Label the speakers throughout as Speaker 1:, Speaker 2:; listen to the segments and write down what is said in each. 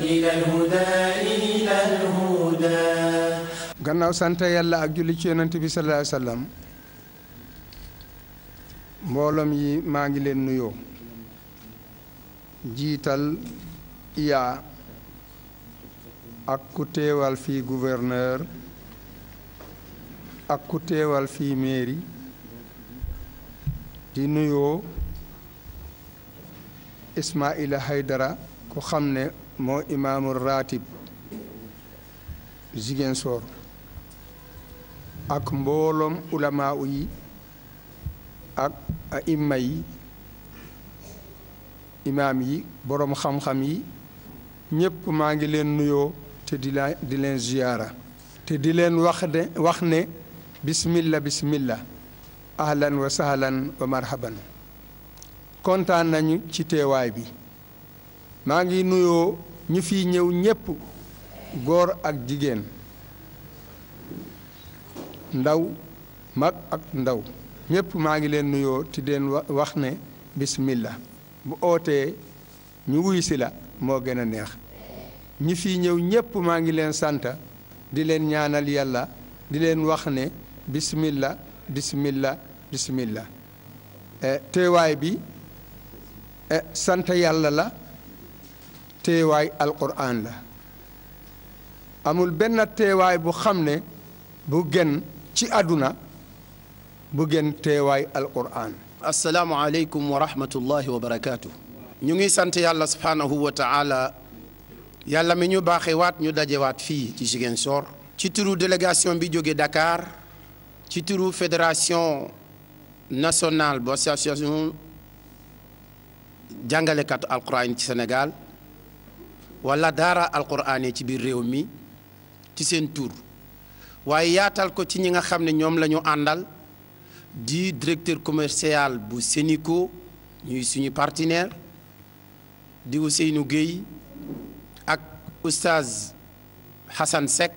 Speaker 1: إلى الهدى إلى الهدى
Speaker 2: gannaaw sant yàlla ak julli ci yonent bi sallallahu alayhi mbooloom yi maa ngi leen nuyoo jiital iyaa ak ku teewal fii ak ku teewal fii di nuyoo Ismaila Haydara ku xam ne moo imaamul ratib Ziguinchor ak mbooloom ulamaa yi ak aima yi imaam yi boroom xam-xam yi ñépp maa ngi leen nuyoo te di la leen ziyaara te di leen wax de wax ne bismillah bismillah ahlan wa sahlan wa marhaban kontaan nañu ci teewaay bi maa ngi nuyoo ñu fi ñëw ñépp góor ak jigéen ndaw mag ak ndaw ñépp maa ngi leen nuyoo ti deen wax ne bismillah bu ootee ñu wuy la moo gën a neex ñi fi ñëw ñépp maa ngi leen santa di leen ñaanal yàlla di leen wax ne bismillah bismillah bismillah eh, teewaay bi eh, sant yàlla la teewaay alquran la amul benn teewaay bu xam ne bu gën ci àdduna bu gën teewaay alquran
Speaker 1: asalaamualeykum wa rahmatullahi wa barakaatu. ñu ngi sant yàlla subhaanahu wa taala yàlla mi ñu baaxee waat ñu dajewaat fii ci Ziguinchor ci turu délégation bi jóge dakaar ci turu fédération nationale bu association jàngalekatu alquran ci Sénégal wala daara alquraan yi ci biir réew mi ci seen tur waaye yaatal ko ci ñi nga xam ne ñoom la àndal di directeur commercial bu Sénico ñuy suñu partenaire diwu seenu géey ak oustaz Hassan Seck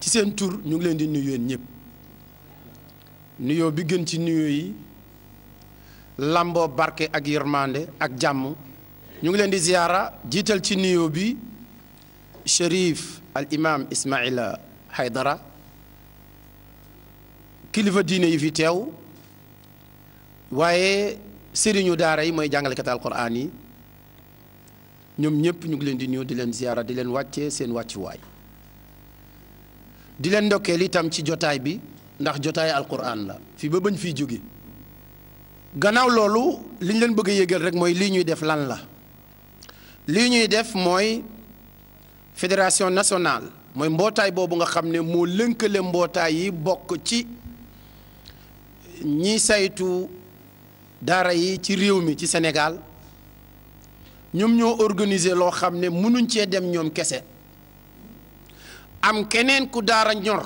Speaker 1: ci seen tur ñu ngi leen di nuyu yéen ñëpp nuyoo bi gën ci nuyoo yi lamboo barke ak yërmande ak jàmm ñu ngi leen di ziyaara jiital ci nuyoo bi Chérif al imam Ismaïla Haydara kilifa diine yi fi teew waaye sëriñu daara yi mooy jàngalekat alquran yi ñoom ñëpp ñu ngi leen di nuyu di leen ziyaara di leen wàccee seen wàccuwaay di leen ndokkeel itam ci jotaay bi ndax jotaay alquran la fii ba bañ fiy jóge gannaaw loolu liñ leen bëgg a rek mooy lii ñuy def lan la li ñuy def mooy fédération nationale mooy mbootaay boobu nga xam ne moo lënkale mbootaay yi bokk ci ñi saytu daara yi ci réew mi ci Sénégal ñoom ñoo organiser loo xam ne mënuñ cee dem ñoom kese am keneen ku daara ñor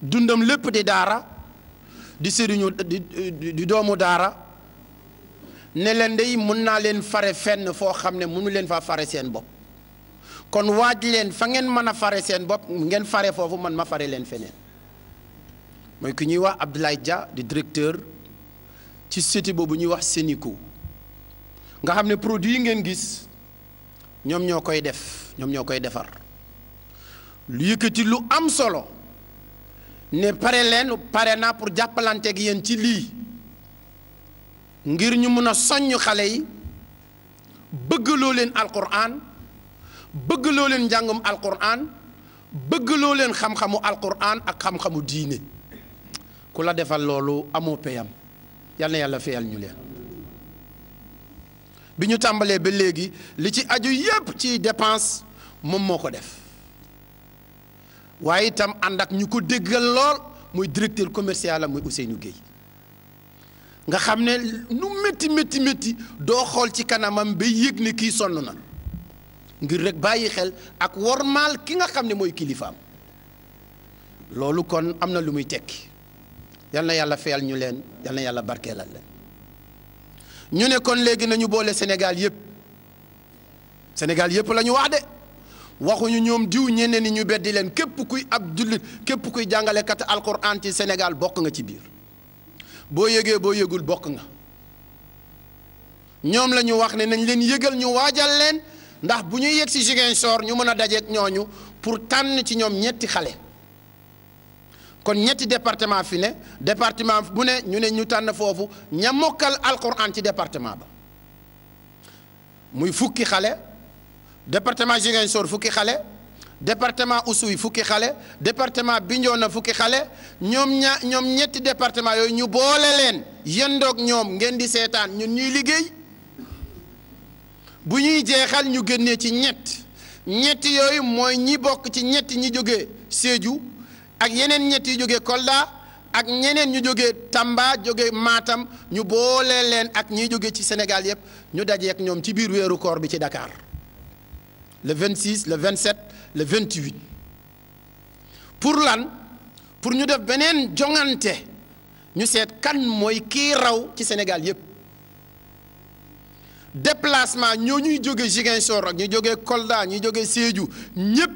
Speaker 1: dundam lépp di daara di sëriñu di doomu daara ne leen day mun naa leen fare fenn foo xam ne munu leen fa fare seen bopp kon waaj leen fa ngeen mën a fare seen bopp ngeen fare foofu man ma fare leen feneen mooy ku ñuy wax Abdoulaye Dia di directeur ci cité boobu ñuy wax Sénico nga xam ne produit yi ngeen gis ñoom ñoo koy def ñoom ñoo koy defar lu yëkkati lu am solo ne pare leen pare naa pour jàppalanteeg yéen ci lii ngir ñu mun a soññ xale yi bëggloo leen alquran bëggloo leen njàngum alquran bëggaloo leen xam-xamu alquran ak xam-xamu diine ku la defal loolu amoo payam yal na yàlla feyal ñu leen bi ñu tàmbalee ba léegi li ci aju yépp ci dépense moom moo ko def waaye itam ànd ak ñu ko déggal lool muy directeur commercial am muy Ousseynou Gueye nga xam ne lu metti métti métti doo xool ci kanamam ba yëg ne kii sonn na ngir rek bàyyi xel ak wormaal ki nga xam ne mooy kilifaam loolu kon am na lu muy tekki yal na yàlla feyal ñu leen yal na yàlla barkeelal leen ñu ne kon léegi nañu boole Sénégal yëpp Sénégal yëpp lañu wax de waxuñu ñoom diw ñeneen ni ñu beddi leen képp kuy ab képp kuy jàngalekat alquran ci Sénégal bokk nga ci biir. boo yëgee boo yëgul bokk nga ñoom la ñu wax ne nañ leen yëgal ñu waajal leen ndax bu ñuy yegg si Ziguinchor ñu mën a dajeek ñooñu pour tànn ci ñoom ñetti xale kon ñetti département fi ne département bu ne ñu ne ñu tànn foofu ña mokkal alquran ci département ba muy fukki xale département Ziguinchor fukki xale département Oussouye fukki xale département Bignona fukki xale ñoom ñoom ñetti département yooyu ñu boole leen yendoog ñoom ngeen di seetaan ñun ñuy liggéey bu ñuy jeexal ñu génnee ci ñett ñetti yooyu mooy ñi bokk ci ñetti ñi jóge séeju ak yeneen ñetti jóge jógee Kolda ak ñeneen ñu jóge Tamba jóge maatam ñu boole leen ak ñi jóge ci Sénégal yëpp ñu dajeek ñoom ci biir weeru koor bi ci Dakar le 26 vingt 27. le 28 pour lan pour ñu def beneen joŋante ñu seet kan mooy kii raw ci senegal yépp déplacement ñoo ñuy jóge Ziguinchor ak ñu jóge Kolda ñu jóge Sédhiou ñépp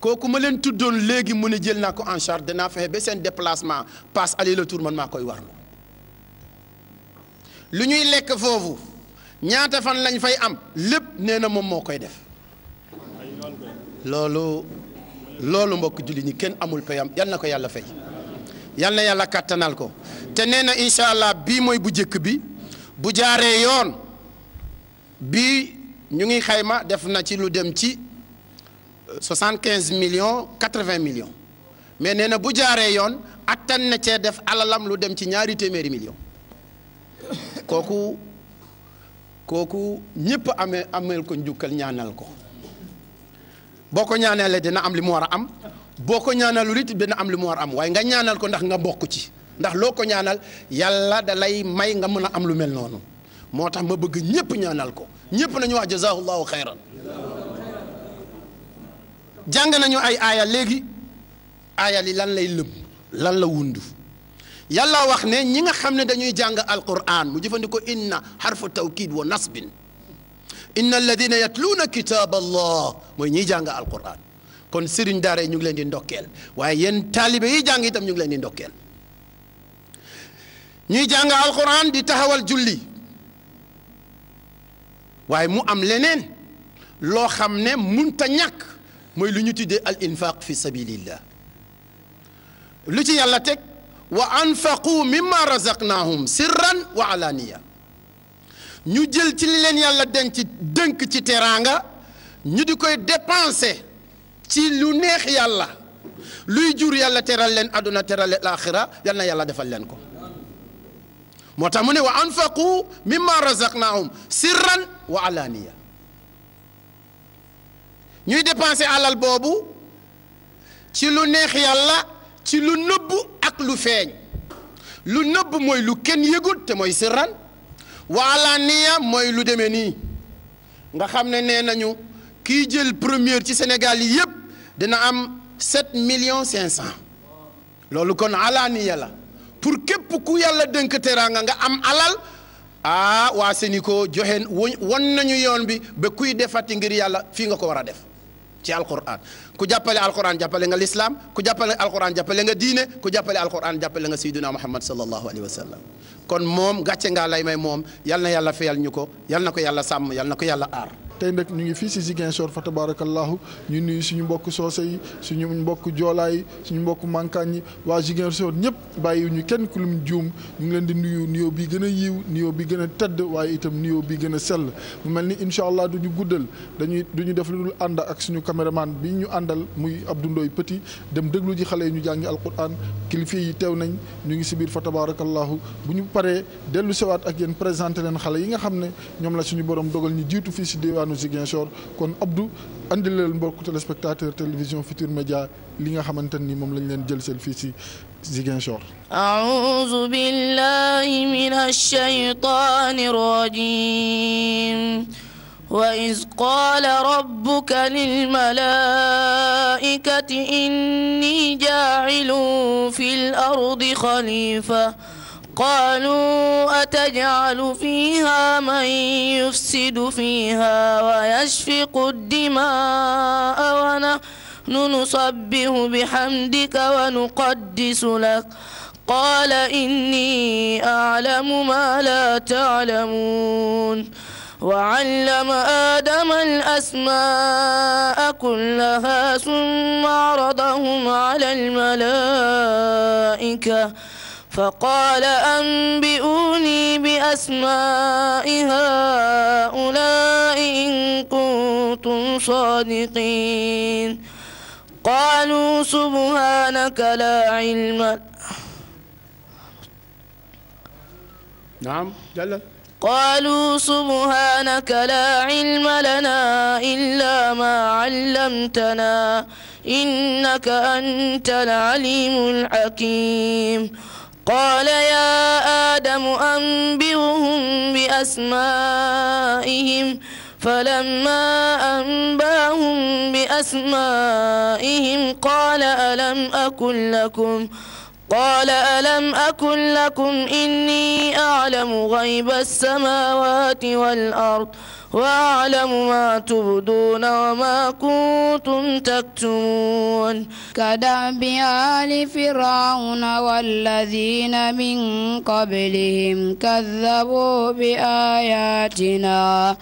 Speaker 1: kooku ma leen tuddoon léegi mu a jël naa ko en charge danaa fexe ba seen déplacement passe aller le tour man maa koy warlu li ñuy lekk foofu ñaata fan lañ fay am lépp nee na moom moo koy def loolu loolu mbokk julli ñi kenn amul payam yal na ko yàlla fay yal na yàlla kàttanal ko te nee na incha allah bii mooy bu njëkk bi bu jaaree yoon bi ñu ngi xayma def na ci lu dem ci euh, soixante quinze millions quatre vingt millions mais nee na bu jaaree yoon attan na cee def alalam lu dem ci ñaari téeméeri millions kooku kooku ñëpp amee ameel ko njukkal ñaanal ko. boo ko ñaanalee dina am li mu war a am boo ko ñaanalul it dina am li mu war am waaye nga ñaanal ko ndax nga bokk ci ndax loo ko ñaanal yàlla dalay may nga mën a am lu mel noonu moo tax ma bëgg ñëpp ñaanal ko ñëpp nañu wax jazahullahu xayran jàng nañu ay aaya léegi aaya li lan lay lëb lan la wundu yàlla wax ne ñi nga xam ne dañuy jàng alquran mu jëfandikoo inna xarfu tawkid wa nasbin inna alladina yatluuna kitaaba allah mooy ñiy jàng alquran kon sëriñ daara yi ñu ngi leen di ndokkeel waaye yéen taalibe yi jàng itam ñu ngi leen di ndokkeel ñuy jàng alquran di taxawal julli waaye mu am leneen loo xam ne munta ñàkk mooy lu ñu tuddee al infaq fi sabilillah lu ci yàlla teg wa anfaqu mimma razaqnahum sirran wa alaniya ñu jël ci leen yàlla denc dënk ci teraanga ñu di koy dépenser ci lu neex yàlla luy jur yàlla teral leen àdduna teral leen laaxira yàlla defal leen ko moo tax mu ne wa anfaqu mimma razaqnaahum sirran wa alaaniya ñuy dépenser alal boobu ci lu neex yàlla ci lu nëbb ak lu feeñ lu nëbb mooy lu kenn yëgul te mooy sirran wa alaaniya mooy lu deme nii nga xam ne nee nañu kiy jël première ci Sénégal yi yëpp dina am sept millions cinq cent loolu kon alaaniya la pour képp ku yàlla dënk teraanga nga am alal ah waa ko joxe woon nañu yoon bi ba kuy defati ngir yàlla fii nga ko war a def ci alquran ku jàppale alquran jàppale nga lislaam ku jàppale alquran jàppale nga diine ku jàppale alquran jàppale nga sayyiduna muhammad sallallahu alayhi wa sallam kon moom gàcce nga lay may moom yal na yàlla fayal ñu ko yal na ko yàlla sàmm yal na ko yàlla aar
Speaker 3: tey nag ñu ngi fii si Ziguinchor fa tabarakallahu ñu nuyu suñu mbokk soose yi suñu mbokk joolaa suñu mbokk mankaañ yi waa Ziguinchor ñëpp bàyyi ñu kenn ku lum juum ñu ngi leen di nuyu nuyoo bi gën a yiw nuyoo bi gën a tëdd waaye itam nuyoo bi gën a sell mu mel ni incha allah du ñu guddal dañuy du ñu def lu dul ànd ak suñu caméraman bi ñu àndal muy Abdou Ndoye Petit dem déglu ji xale yi ñu jàngi alquran kilifa yi teew nañ ñu ngi si biir fa tabarakallahu bu ñu paree dellu sewaat ak yéen présenté leen xale yi nga xam ne ñoom la suñu borom dogal ñu jiitu fii si diwaan diwaanu Ziguinchor kon Abdou andil leen mbokku téléspectateur télévision Futur Média li nga xamante ni moom lañ leen jël seen fii si Ziguinchor.
Speaker 4: A'uuzu billahi minash shaytaanir rajiim. وإذ قال ربك للملائكة إني جاعل في الأرض خليفة قالوا أتجعل فيها من يفسد فيها ويشفق الدماء ونحن نسبح بحمدك ونقدس لك قال إني أعلم ما لا تعلمون وعلم آدم الأسماء كلها ثم عرضهم على الملائكة فقال أنبئوني بأسماء هؤلاء إن كنتم صادقين قالوا سبحانك لا علم نعم جل قالوا سبحانك لا علم لنا إلا ما علمتنا إنك أنت العليم الحكيم قال يا آدم أنبئهم بأسمائهم فلما أنباهم بأسمائهم قال ألم أكن لكم قال ألم أكن لكم إني أعلم غيب السماوات والأرض وأعلم ما تبدون وما كنتم تكتمون كدأب
Speaker 5: آل فرعون والذين من قبلهم كذبوا بآياتنا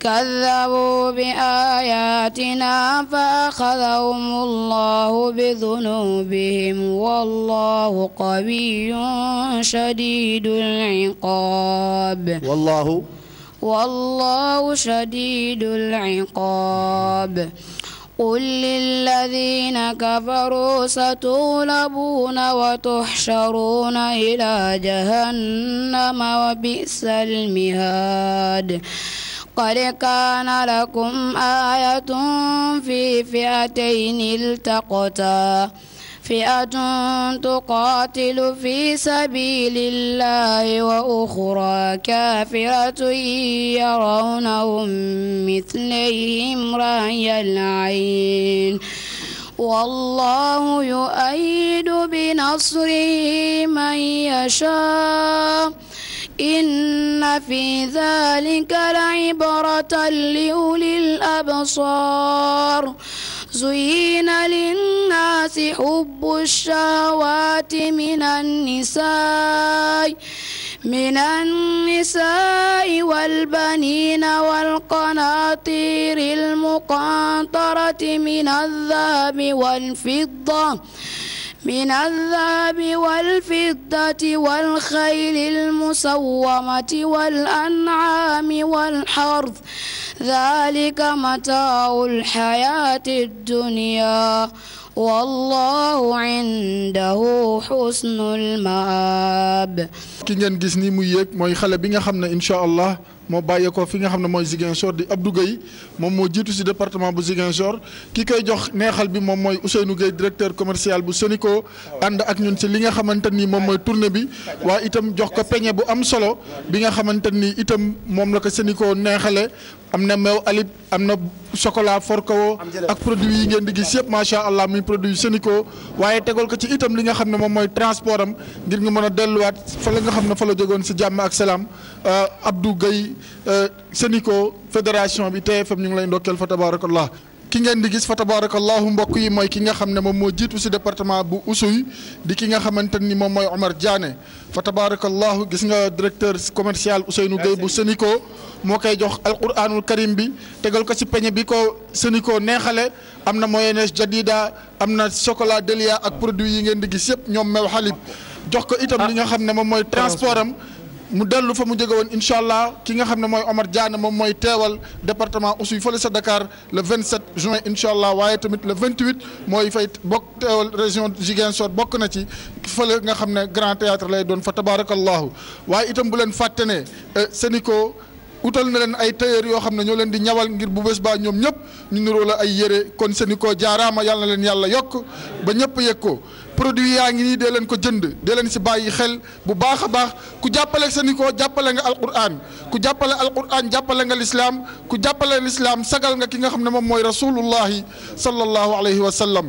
Speaker 5: كذبوا بآياتنا فأخذهم الله بذنوبهم والله قوي شديد العقاب والله والله شديد العقاب قل للذين كفروا ستغلبون وتحشرون إلى جهنم وبئس المهاد قد كان لكم آية في فئتين التقتا فئة تقاتل في سبيل الله وأخرى كافرة يرونهم مثليهم رأي العين والله يؤيد بنصره من يشاء إن في ذلك لعبرة لأولي الأبصار زين للناس حب الشهوات من النساء من النساء والبنين والقناطير المقنطرة من الذهب والفضة من الذهب والفضة والخيل المسومة والأنعام والحرث ذلك متاع الحياة الدنيا wallahu
Speaker 3: indahu husnul maab ki ngeen gis ni mu yéeg mooy xale bi nga xam ne incha allah moo bàyyeekoo fi nga xam ne mooy Ziguinchor di Abdou Gueye moom moo jiitu si département bu Ziguinchor ki koy jox neexal bi moom mooy Ousseynou Gueye directeur commercial bu Senico ànd ak ñun si li nga xamante ni moom mooy tournée bi waaye itam jox ko peñe bu am solo bi nga xamante ni itam moom la ko Senico neexale am na meew alib am na chocolat Forcao ak produit yi ngeen di gis yëpp macha allah muy produit Senico waaye tegal ko ci itam li nga xam ne moom mooy transport am ngir nga mën a delluwaat fa la nga xam ne fa la jegoon si jàmm ak salaam euh, Abdou Guèye euh, Senico fédération bi TFM ñu ngi lay ndokkeel fa tabarakallah ki ngeen di gis fa tabarakallahu mbokk yi mooy ki nga xam ne moom moo jiitu si département bu Oussouye di ki nga xamante ni moom mooy Omar Diané fa tabarakallahu gis nga directeur commercial Ousseynou Gueye bu Senico moo koy jox alquranul karim bi tegal ko si peñe bi ko Senico neexale am na mayonnaise jadida am na chocolat Delia ak produit yi ngeen di gis yëpp ñoom meew xalib jox ko itam ah. li nga xam ne moom mooy transport am mu dellu fa mu jege woon incha allah ki nga xam ne mooy Omar Diagne moom mooy teewal département Oussouye fële sa Dakar le 27 juin incha allah waaye tamit le 28 mooy fay bokk teewal région Ziguinchor bokk na ci fële nga xam ne grand théâtre lay doon fa tabarakallahu waaye itam bu leen fàtte ne eh, Sénico utal na leen ay tailleur yoo xam ne ñoo leen di ñawal ngir bu bés baa ñoom ñëpp ñu niroo ay yére kon Sénico jaaraama yàlla na leen yàlla yokk ba ñëpp yëg ko produit yaa ngi nii dee leen ko jënd dee leen si bàyyi xel bu baax a baax ku jàppale Sénico jàppale nga alquran ku jàppale alquran jàppale nga lislaam ku jàppale lislaam sagal nga ki nga xam ne moom mooy rasulullahi sallallahu alayhi wa sallam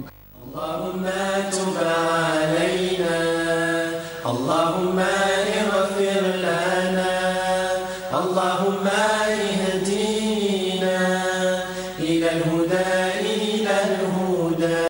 Speaker 4: allahumma tub alayna allahumma